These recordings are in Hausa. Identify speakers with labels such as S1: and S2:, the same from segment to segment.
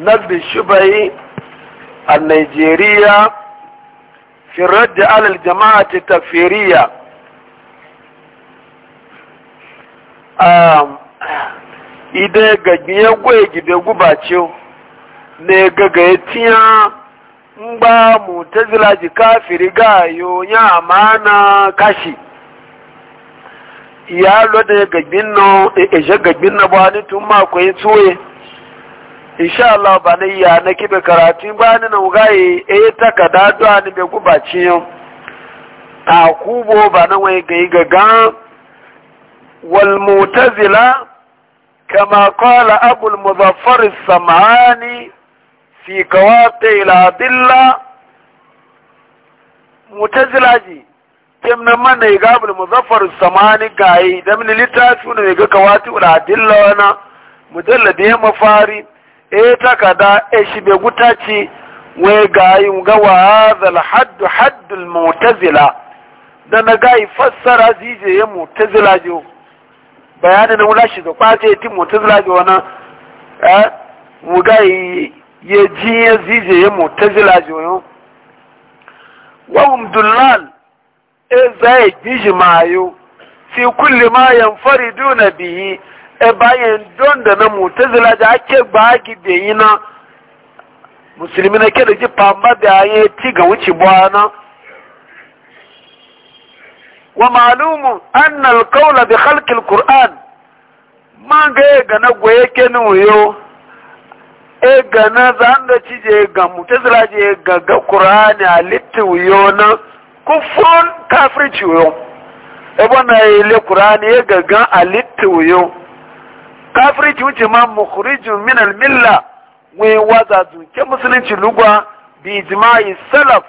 S1: na shubai a Najeriya firar da alal jama'a ta tafiriya ide ga gbiye gwaye gide ce, ne gaga ya tiya mgba mu ta zilaji kafiri ga yo ya amana kashi ya loda ya gabin na e, e, gabin ba ni tun mako ya tsoye insha Allah ba ni ya na kibe karatin ba ni na ugai e, e takada da ni be ba yau a bo ba na wai gai gaga wal mutazila kama qala abul muzaffar samani fi qawati ila billah mutazilaji kem na man ne ga bul muzaffar samani gayi da min litafi ne ga kawati ul adilla wana ya mafari e takada e shi be gutaci we gayi ga wa hadal hadd hadd al mu'tazila da na gayi fassara ya mu'tazila jo bayani na wula shi da kwace ti mu'tazila jo wana eh mu gayi ye ya ya mu'tazila jo E zai gijimayo fi kulli ma yanfaridu na biyi e bayan don da na mutazila da ake ba ki da yi na musulmi na ke da ji fama da ya ci ga wuce bwana wa malumun an alkaula bi halkil qur'an ma ga ga na goye ke ni wuyo e ga na zan da ci je ga mutazila je ga ga qur'ani a litti wuyo na kufurun kafirci yo ebe na ile qur'ani ya gagan alittu yo kafirci wuce ma mukhrijun min al-milla we waza ke musulunci lugwa bi ijma'i salaf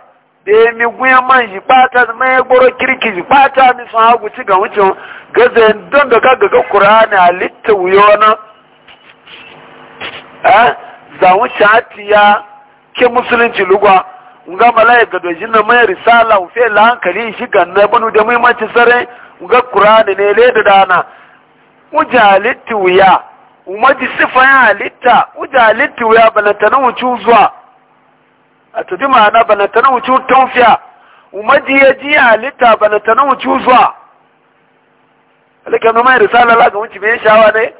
S1: da ya mi guya man yi bata mai goro kirki yi bata mi sun hagu ci ga wucin gaza don da ka ga qur'ani alittu yo na eh za wuce atiya ke musulunci lugwa nga ga do jinna mai risala u fe la hankali shi ganna banu da muhimmanci sare nga qur'ani ne le da dana ujalitti wiya umaji sifa ya halitta ujalitti wiya balantana wucu zuwa a tudi ma'ana balantana wucu tonfiya umaji ya ji halitta balantana wucu zuwa alakan mai risala la ga wuci me shawa ne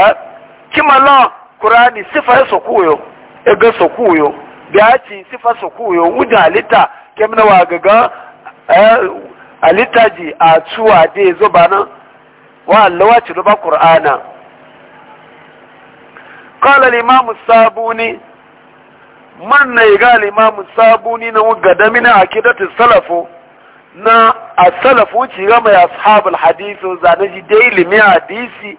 S1: eh kimalla qur'ani sifa ya sokuyo ega sokuyo biya ci sifa su koyo wuda alita kem na wagaga eh, alita ji a tuwa de zo wa Allah wa ci ruba qur'ana qala al-imam sabuni man na ga al-imam sabuni na wuga da mina akidatu salafu na as-salafu ci ga mai ashab al-hadith ji dai limi hadisi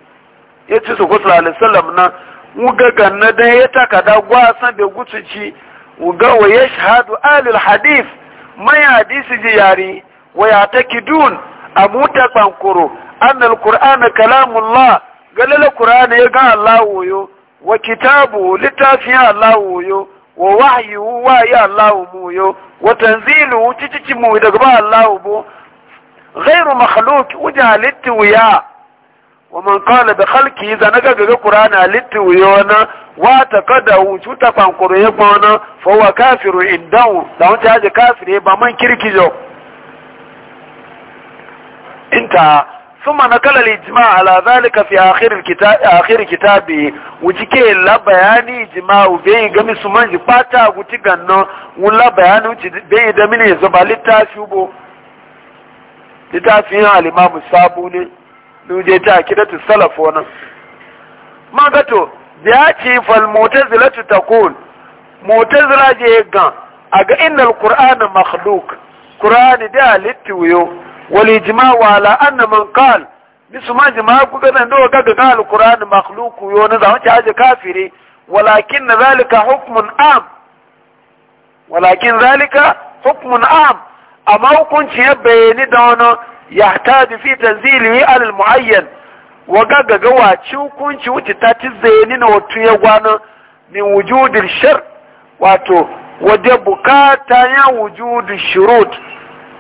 S1: yace su ko sallallahu alaihi wasallam na wuga ganna dai ya takada gwasan da gutuci uga wa yashhadu alul hadith mai hadisi ji yari wa ya takidun a muta tsankuro annal qur'ana kalamullah galala qur'ana ya ga Allah woyo wa kitabu littafin Allah woyo wa wahyu wa ya Allah muyo wa tanzilu cici mu daga ba Allah bu ghairu makhluq wajalitu ya waman kala da xalki za naga gaga kurana litti wiyona wata ka da wuchu ta pankuru ya pona fowa kafiru in dawu da wuta aje kafiru ya baman kirki jo inta suma na kala lijima ala zalika fi akhir kitabi wujike la bayani jima ubeyi gami su manji pata wuti gano wula bayani wuti beyi da mini zaba litta shubo litta je ta kidatu salaf ma man gato ya ci fal mutazila tu takun mutazila je ga aga innal qur'an makhluk qur'an da litu yo wal wa la an man bisu ma jama ku ga nan da ga ga al-qur'ani makhluq yo na zaman ci aje kafiri walakin zalika hukmun am walakin zalika hukmun am amma hukunci ya bayani da wannan yahtaju fi tanzilihi al muayyan wa gaga ga waci hukunci wuce ta ci zaini na wato ya gwana min wujudin shar wato wadda bukata ya wujudin shurut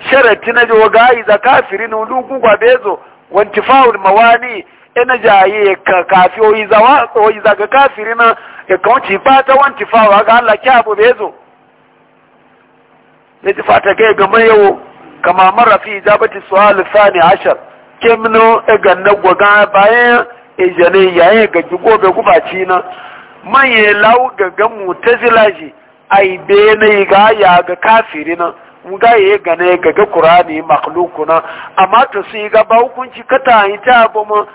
S1: sharati na ji waga yi za kafiri na wani gugwa bezo wanti fa'ul mawani ina jaye ka na e ga Allah ga kama mara fi ijabati su'al thani ashar kemno e ganna gwaga bayan e jane yayin ga gobe gubaci na manye lawu ga ga mutazilaji ai be ne ga ya ga kafiri na nga ye gane ga ga qur'ani makhluquna amma to su ga ba hukunci kata yi ta abu mu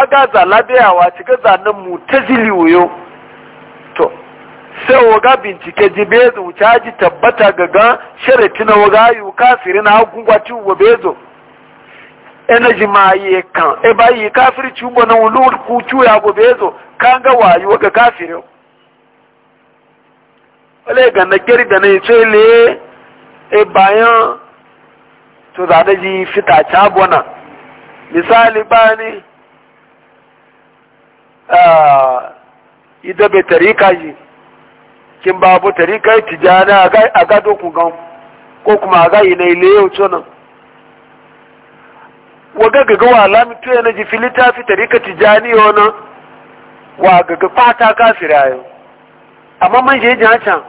S1: aga zalabiyawa ci ga zanen mutazili wuyo sai waga bincike ji bezo caji tabbata ga sharati na waga yi kafiri na agungwa ci wa bezo ena ji ma yi kan e ba yi kafiri ci ubo na wani ku ci ya go bezo kan ga wayo ga kafiri wale ga na gari da na yi le e bayan to da da ji fita cabona misali bani ah, idabe tarika yi. kin babu tarika tijana a gado ku gan ko kuma a gayi na ile yau tunan wa ga gaga wa alamitu yana ji fili ta fi tarika tijani na wa gaga fata kafira yau amma man je jan can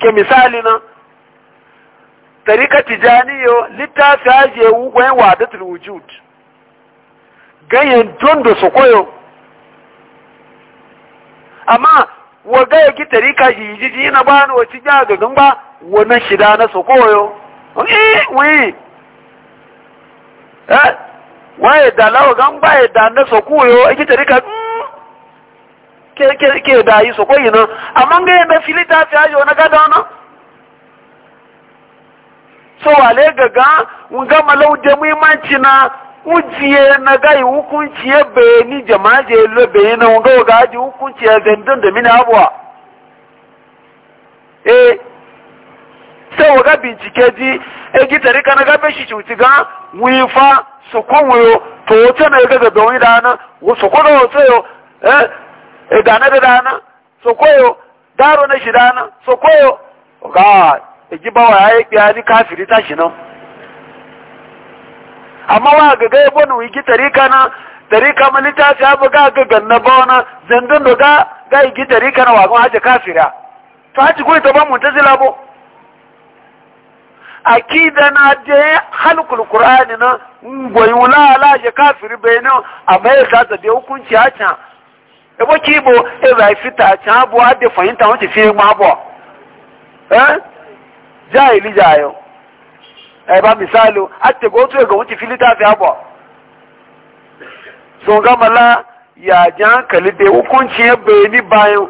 S1: ke misali na tarika tijani yau littafi ajiye wugwayen wadatul wujud ganyen don da su koyo amma waga ya ki tarika shi yi ji na ba ni wace ja ga gamba wannan shida na su koyo eh wi eh waye da lawa gamba ya da na su koyo ya ki tarika hmm. ke ke ke da yi su koyi nan amma ga yanda filita ta yi na gada na so wale gaga mun ga malau da muhimmanci na ujiye e, e na gai hukunci ya bayani jama'a je lobe na ga ga ji hukunci ya zandun da mini abuwa eh sai waga bincike ji e gi tare kana ga beshi cuci ga wifa su kunwo to wace na ga ga wani dana su ko da wace yo eh e dana da dana su koyo daro na shi dana su koyo ga e ji bawa ya yi e kafiri ta nan amma wa ga ga ibn wiki tarika na tarika ma ta abu ga ga ganna ba wana zandun da ga ga yi tarika na wagon haji kafira to haji goyi ta ba mu tazila bo akida na je halkul qur'ani na goyi wala ala je kafiri bayna amma ya sa ta da hukunci a can e bo ki bo e ba fita a can abu a da fahimta wace fi ma bo eh jahili jayo ba misali ate go to ga wuce fili ta fi abuwa so gama la ya ji hankali da hukuncin ya bayani bayan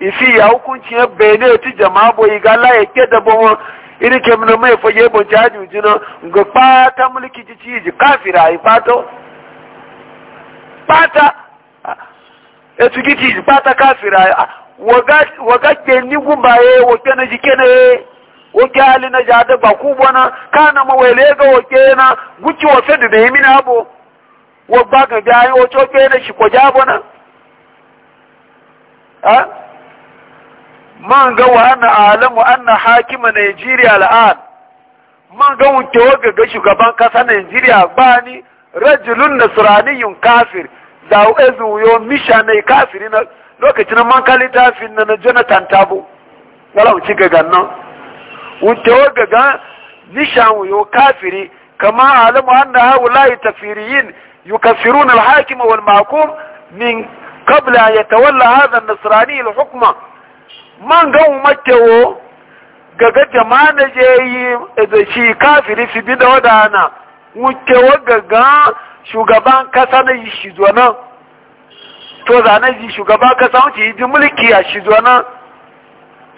S1: isi ya ya bayani ya ci jama'a boyi ga la ya ke da bawa iri ke mai fage bon jina ga fata mulki ji ci ji kafira fata ji ci fata kafira waga ke oke hali na jade ba ku bona kana ma wele ga oke na guci wose da da yimi na bo wa ba ga ga yi ocho ke na shi ko ja bona ha man ga wa na alamu anna hakima Najeriya al'an man ga wuce waga ga shugaban kasa Najeriya ba ni rajulun nasraniyun kafir da ezu yo misha mai kafiri na lokacin man kalita fin na Jonathan Tabo wala ci ga gannan waga ga nishan yau kafiri kama alamu anna haula'i tafiriyin kafiru na alhakima wal mahkum min qabla an yatawalla hadha an-nasrani al-hukma man wo umatewo gaga jama'a je yi da shi kafiri fi bi da wadana waga ga shugaban kasa na shi zuwa nan to zanen shugaban kasa wuce yi mulki a shi zuwa nan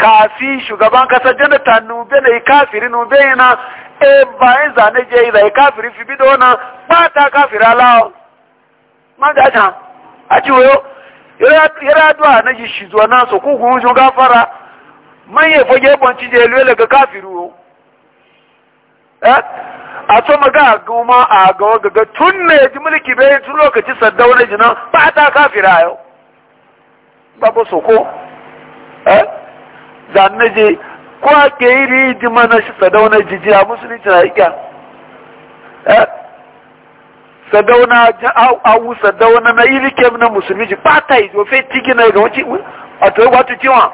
S1: kafi shugaban kasar janata nube na ikafiri nube yana e bayan zane je da ikafiri fi bido na ba ta kafiri alawo ma ga ta a ci wayo yara duwa na ji shi zuwa nasu kugun shi gafara manye ya fage banci je lwe ga kafiri o. eh a to maga goma a ga gaga tun ne ji mulki bai tun lokaci saddauna jina ba ta kafira babu soko eh zanne je ko ake iri ji mana shi sadauna jijiya musulunci na iya eh? sadauna awu sadauna na iri kem na musulmi ji fata yi zo fai tigi na ga wace a to wato cewa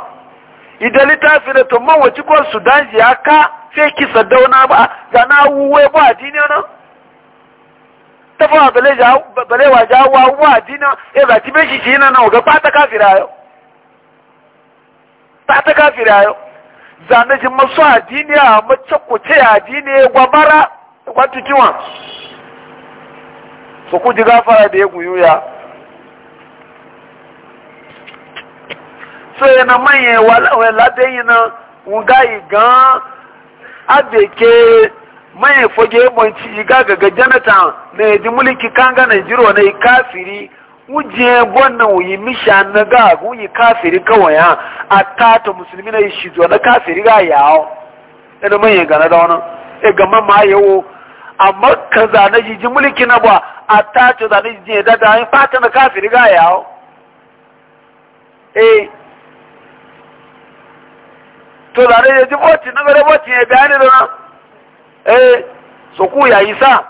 S1: idan littafi da to man wace ko sudan ji aka sai ki sadauna ba ga na wuwe ba dini na tafawa balewa jawo wa dini ya zaci bai shi shi na na ga fata kafira yau ta ta kafiri ayo zane ji masu addini a mace kuce addini gwabara gwata kiwa su kuji gafara da ya guyu ya so yana manye wala da yi na ngayi gan abeke manye foge monci ga gaga janata na yaji mulki kanga na jiro na kafiri wuje wannan wuyi misha na ga wuyi kafiri kawai ha a tata musulmi na shi zuwa na kafiri ga yawo ina manyan gane da wannan e ga mamma yawo amma ka zane shi mulki na ba a tata zane shi ya dada yin fata na kafiri ga yawo eh to zane shi ji boti na bare boti ya e bayani da eh so ku ya isa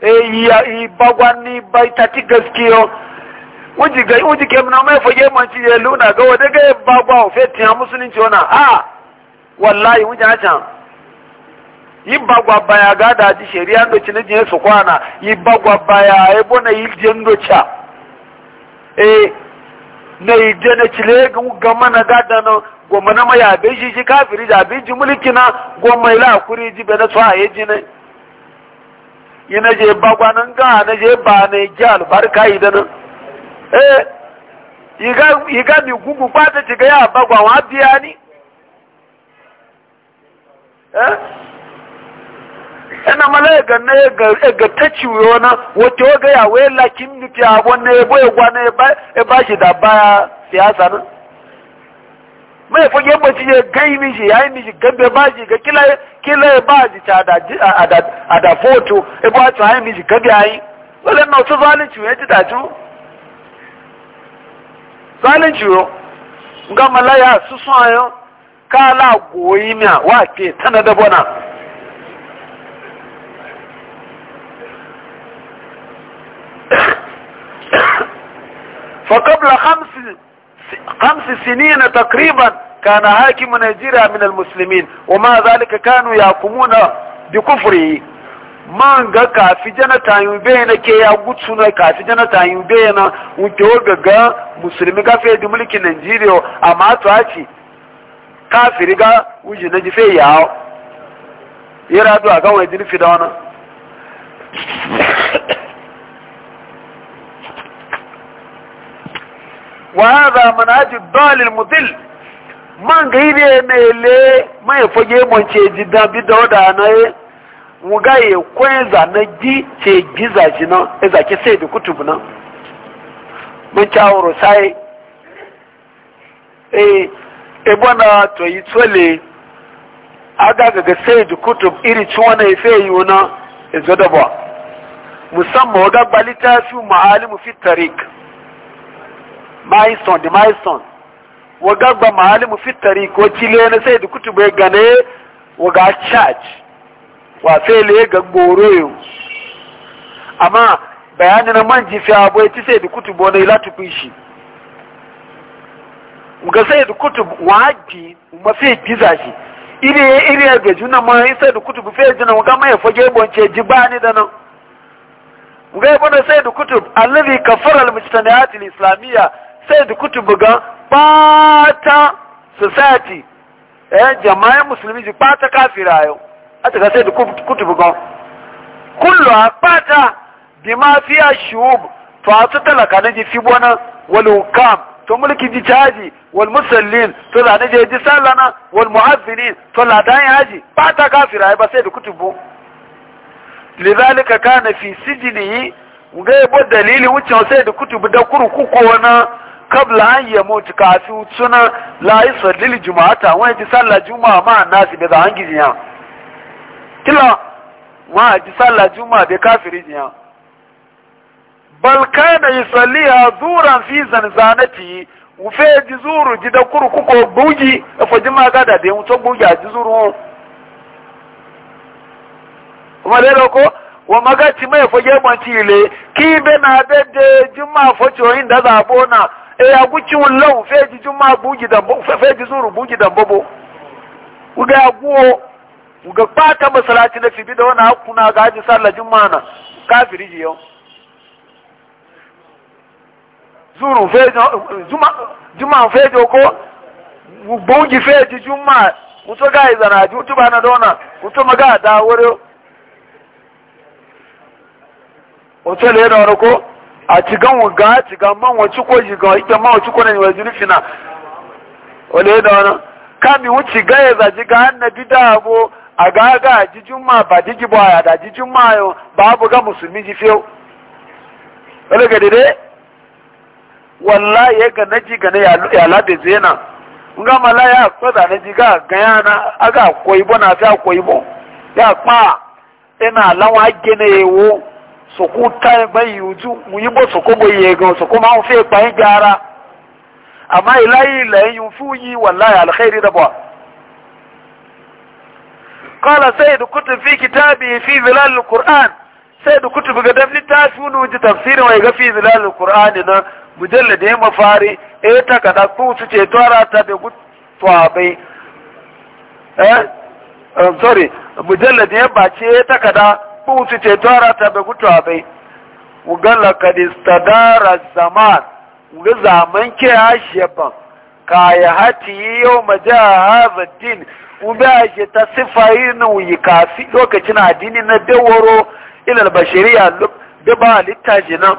S1: eh yi bagwani bai tati gaskiyo wuji ga wuji ke na mai fage man ci ya luna ga wada ga ba ba o fe tiya musulunci wana a wallahi wuji yi can gwa bagwa baya ga da ji shari'a do ci ne su kwana yi bagwa baya e bona yi jendo cha eh na yi jena ci le ga mana ga da no goma na maya be shi shi kafiri da bi ji mulki na goma la kuri ji be na so a yi ji ne yi na je ba gwa nan ga na je ba ne ji albarka idan nan eh yiga yiga mi gugu kwata ci ga ya bagwa wa biya ni eh ena ga na ga ga tachi wona wato ga ya we la kim ni ti abon ne bo egwa ne ba e ba shi da ba siyasa na mai fage ba ci ya gai miji ya yi miji gabe ba shi ga kila kila ba shi ta da a da foto e ba ta yi miji gabe ayi wala na to zalunci ya ji da tu Zanen jiro, ga malaya su sunayen kala goyi miya wa tana da bona. Fakabla hamsi sini na takriban kana hakimu Najeriya minal musulmin, wa ma zalika kanu ya kumuna bi kufuri. man ga kafi janata yin na ke ya gutsu na kafi janata yin na wuce wa ga musulmi ga fiye da mulkin Najeriya amma to a ce riga ga wuce na ji fiye yawo yi radu a kan wajen fi da wani wa hadha manhaj dalil mudil man ga yi ne mai le mai fage mun ce jidda bidda da na wuga ya kwenza na ji ce giza shi nan ya zaki sai da kutubu nan mun cawuro sai e ebona to yi tsole aga gaga sai da kutub iri ci wani ya fe yi da ba musamman waga balita fi ma'alimu fi tarik di da milestone waga gba ma'alimu fi tarik wacce lena sai da kutubu ya gane waga charge wa fele ga yo amma bayanin na manji fi abu ti sai da kutubu na ila tufi shi ga sai da kutubu waji ma fi giza shi ire ire ga juna ma sai da kutubu fi jina ga mai fage bonce jibani da nan ga ibn sai da kutub allazi kafara al-mujtami'at al-islamiyya sai da kutub ga bata society eh jama'a musulmi ji bata kafira yau àtẹ̀ká sí ètò kutubu gan kullum a fata máa fi shubu to a tún tẹ̀lẹ̀ kàní jí fíbọ́ náà wọlé òkàm tó múlùkì jí jáàjì wọlé mùsùlùmí tó lànà jẹ́ jí sálánà to ladan tó làdáyé kafira pátá káfìrà àyíbá sí kutubu. kútùbù lidhalika kana fi sijnihi ga bo dalili wucin sai da kutubu da kurkuku wani kabla an yi mutu kafi suna la yi sallil juma'ata wani ji sallah juma'a ma nasi da za an gijiya kila ma ji sallah juma bai kafiri jiya bal da yusalliha zuran fi zanzanati ufe ji zuru ji da kuru kuko bugi fa jima ga da bai mutu bugi a ji zuru kuma dai ko wa maga ci mai fa ge ban ci le ki be na be de juma fa ci da za bona e ya guci wallahu fe ji juma bugi da fe ji bugi da bobo uga guo ga kama masalaci da fi da wani hakuna ga haji sallajin mana kafiri ji yau zuru fejo juma fejo ko bungi feji juma mutu ga izana ji mutu ba na dona mutu maga da wuri mutu le da wani ko a cigan ga a cigan man wacce ko jiga ike man wacce ko na yi wa jirfina wale da wani kami wuce ga ya zaji ga annabi da abu a gaga jijin ma ba digi ya da jijin ma yau babu ga musulmi ji fiyo wani ga dide wallahi ga naji ga na ya labe zena in ga mala ya kwada na ji ga ganya na aga bo na fi bo ya kpa ina lawa gene wo ku ta bai yuju mu yi bo soko bo ye gan soko ma fi pa yi gara amma ilahi la yin yi wallahi alkhairi da ba qala sayyid kutub fi kitabi fi zilal alquran sayyid kutub ga dan littafi nu ji tafsirin wai ga fi zilal alquran na mujallad ya mafari eh ta kada ku su ce tara ta be gutwa bai eh sorry mujallad ya bace ta kada su ce tara ta be gutwa bai wugalla kad istadara zaman wuga zaman ke asheban kaya hati yau ma majaha din ube a ke ta yi na wuyi kafi lokacin addini na dawaro ilal bashariya da ba halitta ji nan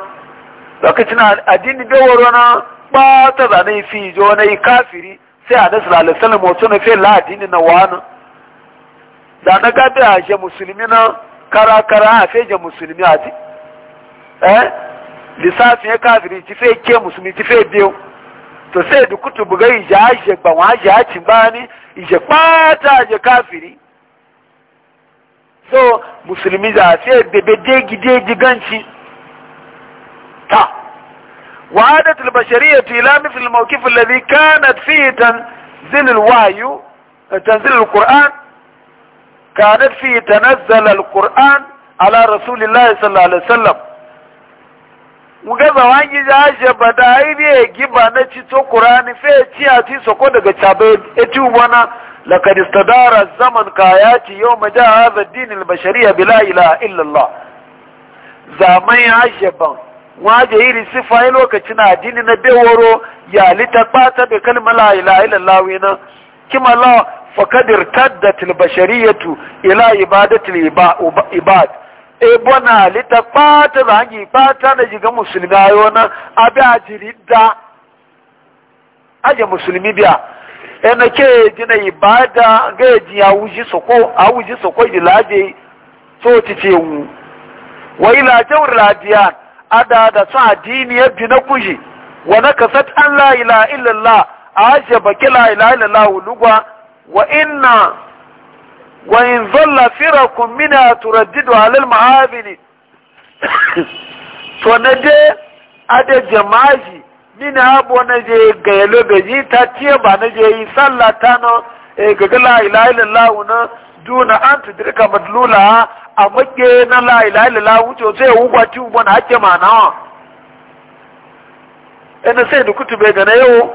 S1: lokacin addini dawaro na ba ta zane fi jo na yi kafiri sai a nasu lalisalin mutu na fi la'adini na wani da na gada a je musulmi na kara a fi je musulmi a ti eh lissafin ya kafiri ti fi ke musulmi ti fi biyu to sai dukutu bugai ja ajiye gbanwa ajiye acin bani ije kwata je kafiri so musulmi za sai bebe degi degi ganci ta وعادت البشرية إلى مثل الموقف الذي كانت فيه تنزل الوحي تنزل القرآن كانت فيه تنزل القرآن على رسول الله صلى الله عليه وسلم mugaza wangi aini ya e giba na cito Kur'ani, fe ciya ti soko daga cabe eti ubona laqad istadara zaman kayati yawma jaa hadha ad-din al-bashariyya bila ilaha illa Allah zaman ban waje iri sifa lokacin addini na beworo ya litafata bi kalmar la ilaha illa Allah wina kima la faqad irtaddat al-bashariyatu ila ibadati al-ibad ebona lita kpata ba hangi kpata na jiga musulmi ayona na abi ajiri aje musulmi biya ena ke jina ibada ga ji awuji soko awuji soko ji laje so titi wu wa ila jawr radiyan ada da sa dini ya bi kuji wa kasat an la ila ilaha illallah aje baki la ilaha illallah lugwa wa inna wa in zalla firakun mina turaddidu alal ma'abili to na je a da jama'aji mina abu na je ga ta ciye na je yi sallata na e la ilaha na duna an ta dirka madlula a make na la ilaha illallah wuce sai ya wuba ci wuba na hake ma nawa ina sai da kutu bai gana yau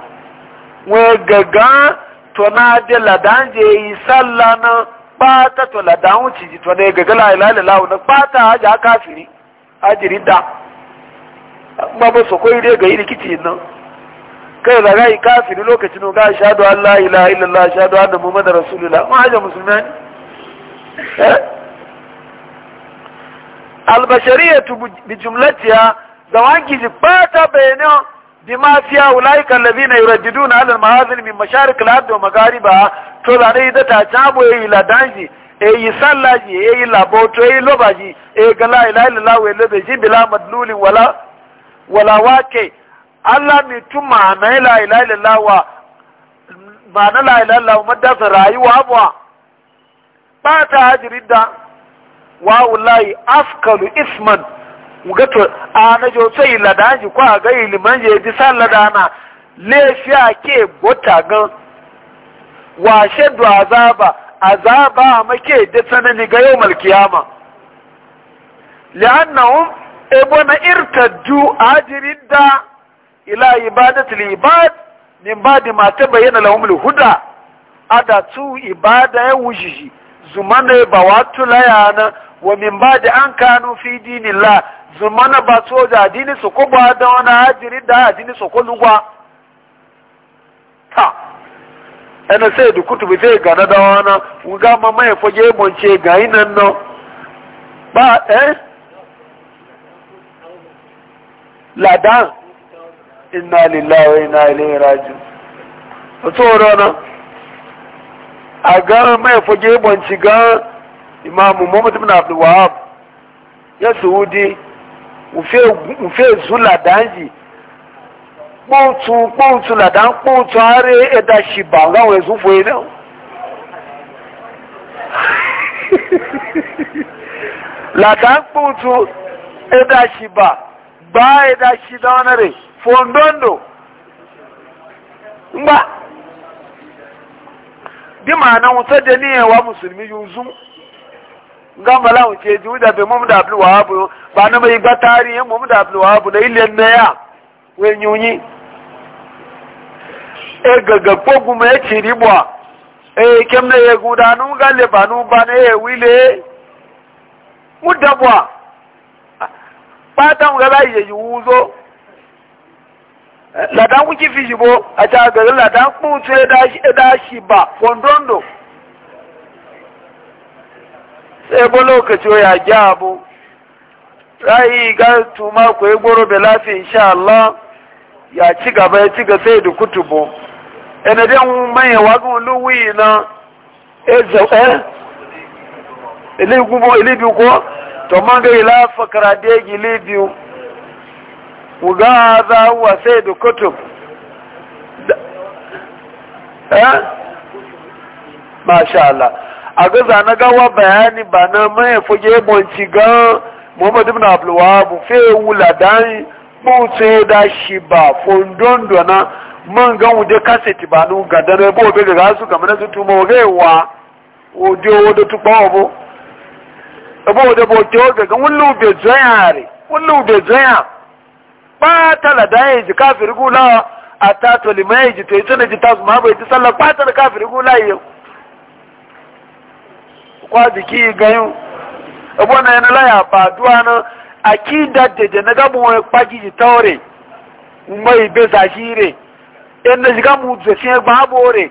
S1: wai gaga to na je ladan je yi sallata na ɓata to la dawun ciji to ne gaga la ilaha illallah na ɓata haja kafiri ajiri da ba ba so koyi dai ga yi rikici nan kai da yi kafiri lokacin ga shahadu Allah ilaha illallah shahadu mu mada rasulullah ma haja musulmani eh albashariyatu bi jumlatiha zawanki ji ɓata bayanan بما فيها أولئك na يرددون على المعاذن من مشارق الأرض magariba. to da ne da ta cabo yi e yi sallaji eyi laboto yi lobaji eyi gala ilaha illallah wa lobe ji bila madluli wala wala wake Allah mi tuma na ilaha la wa ma na la la ilaha illallah madasa rayuwa abwa ba ta hajirida wa wallahi afkalu isman to a na jo sai la ladanji kwa ga iliman je bi sallada na lefiya ke bota gan washe da azaba azaba make da sanani ga yau malkiyama li'annahum ebo irtaddu ajiridda ila ibadatul ibad min ba'di ma tabayyana lahum huda ada tu ibada ya wujiji zumana ba watu layana wa min ba'di an kanu fi dinillah zumana ba so da dini su ko ba da wani ajiridda dini su ko lugwa ta ɛna sɛ yɛde kutubu sɛ na nga ga yi nan nɔ ba ɛ eh? ladan inna lillahi wa inna ilaihi raji'un ɔtɔ wɔrɔ na aga mama yɛfɔ yɛ mɔ nkyɛn ga imaamu muhammadu bin kpóòtù kpóòtù làdá ń kpóòtù ààrẹ ẹ̀dá ṣìbà láwọn ẹ̀sùn fòye náà làdá ń kpóòtù ẹ̀dá ṣìbà gbá ẹ̀dá ṣìdá ọ̀nà rẹ̀ fòndóńdò ngbà bí màá náà wọ́n sẹ́jẹ̀ ní ẹ̀wà mùsùlùmí yóò zún gamba láwọn ṣe jù dàbí mọ́mú dàbí wàhábù bá náà bá igbá tárí mọ́mú dàbí wàhábù náà ilẹ̀ náà wọ́n ẹ̀yìn oyin. e gaga kogu ciri bwa e eh, kem eh, ya gudanu ga lebanu ba na ya wile mudda bwa patan gaba la ya yuzo ladan kuki fijibo a ta gari ladan kutu ya shi ba kondondo sai bo lokaci ya gya abu ra'ayi ga tuma ku yi goro bela insha Allah ya ci gaba ya ci ga sai da kutubu ẹnẹdẹ ń mẹyìn wágùn olówó yìí náà ẹzẹ ẹ ilé ìgbúbọ ilé ibi kọ tọmọgẹ yìí láfọkàrà déèjì ilé ibi wùgá àdá wà sẹẹdù kótó ẹ masha Allah a gaza na gawa bayani ba na maye fage bonci gan muhammadu ibn abdulwahab fe wula dan mutse da shi ba fondon man gan wude kaseti ba nu ga dare bo be ga su kamar su tumo ga wa o de o de tu bo bo e bo de bo te o ga gan wulu be zayare wulu be zaya ba ta la dai ji kafir gula ata to limai ji to itana ji tasu ma bai ta sallah ba ta kafir gula yi kwa jiki gayu e bo na yana la ya ba duwa na akida de de na gabu wa kwaji ji tawre mai be zahire yadda shiga mu zafin ya gbabo re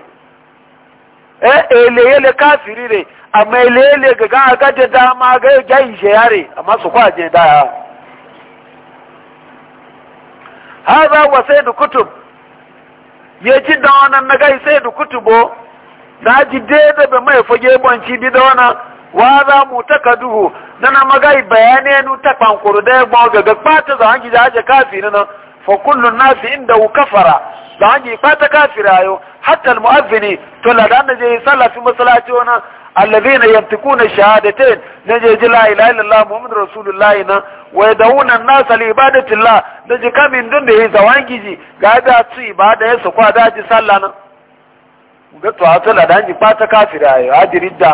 S1: eh eleyele kafiri re amma eleyele ga ga aga da dama ga ga ishe yare amma su kwa je da ya haza wa sai da kutub ya ji da wannan na gai sai da kutubo na ji daidai ba mai fage banci bi da wannan wa za mu taka duhu na na magai bayanai nu ta kwankuru da ya gbawo ga ga kpata za hangi da aje kafiri nan fa kullu nasi indahu kafara da hangi fata kafira yau. hatta al mu'azzini to la da je sallah fi masallaci wana alladhina yantikuna shahadatain naje ji la ilaha illallah muhammadur rasulullahi na wa yad'una an-nasa li ibadatillah naje kamin dun da yi zawangiji. ga da su ibada ya su kwa da ji sallah na ga to ta a da hangi fata kafira yo hadiridda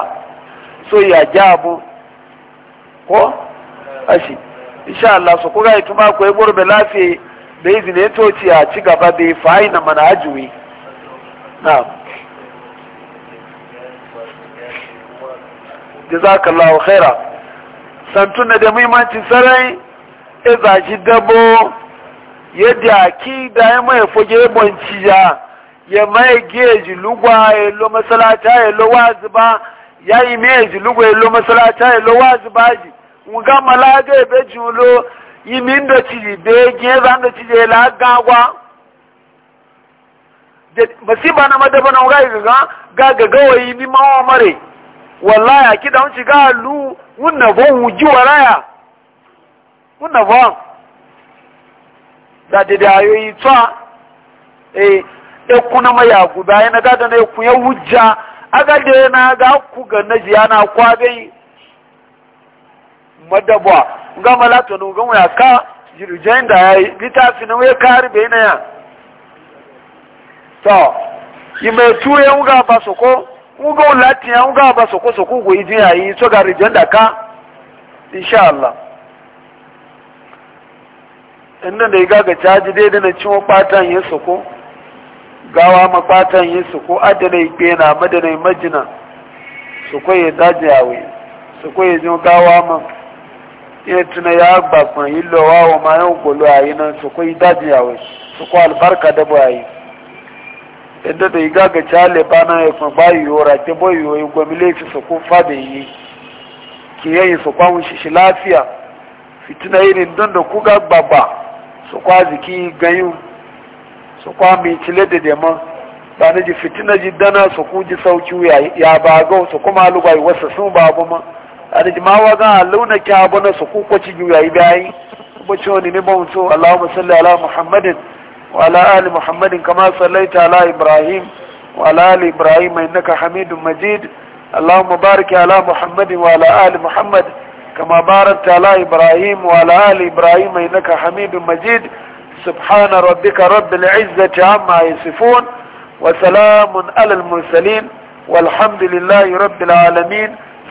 S1: so ya jabu ko ashi insha Allah ko kuga ituma ko yi gurbe lafiya da ne toci a ci gaba da ya fa'i na mana ajiwi na lawo khaira santun da muhimmanci sarai e za shi dabo yadda ki da ya mai foge bonci ya ya mai geji lugwa ya e lo masalata e ya lo wazi ba ya yi mai ji lugwa ya e lo masalata ya lo wazi ba ji mu malaga ya beji yimi ndochiji bee jie za ndochiji ela gagwa masiba na madaba na ngai gaga ga gaga wa ma mawa mare wallahi kida un ci ga lu wunna bo wuji waraya wunna bo da de e, da ayoyi tsa eh ekuna maya guda yana ga da na ekun ya wujja aga de na ga ku ga na jiya na kwa gai madaba nga mala to no ga ya ka jiru jenda yayi bita fi no ya kari be na ya to yime tuye nga ba soko nga lati ya nga ba soko soko go idin yayi so ga rijenda ka insha Allah inda da ga ga caji dai da na cin fatan yin soko gawa ma fatan yin soko adana ipe na madana majina soko ya daji yawe soko ya jin gawa ma tuna ya bakon yi lowa wa mayan kolo a yi nan su kwa yi daji yawai su kwa albarka da ba yi yadda da yi gaga cale ba na haifin ba yi yora ke bo yi yoyi gwami laifi su kun fada yi ki yayi su kwa wunshi shi lafiya fitina irin don da ku ga babba su kwa jiki ganyu su kwa mai cile da dema ba na ji fitina ji dana su ku ji sauki ya ba gau su kuma alugwai wasu sun babu ma alijimawa ga launa kya bana su kuka ci yi yayi bayi kuma ci wani neman so. Allahumma salli ala Muhammadin wa ala ali Muhammadin kama sallaita ala Ibrahim wa ala ali Ibrahim innaka Hamidum Majid Allahumma barik ala Muhammadin wa ala ali Muhammad kama barakta ala Ibrahim wa ala ali Ibrahim innaka Hamidum Majid سبحان ربك رب العزة عما يصفون وسلام على المرسلين والحمد لله رب العالمين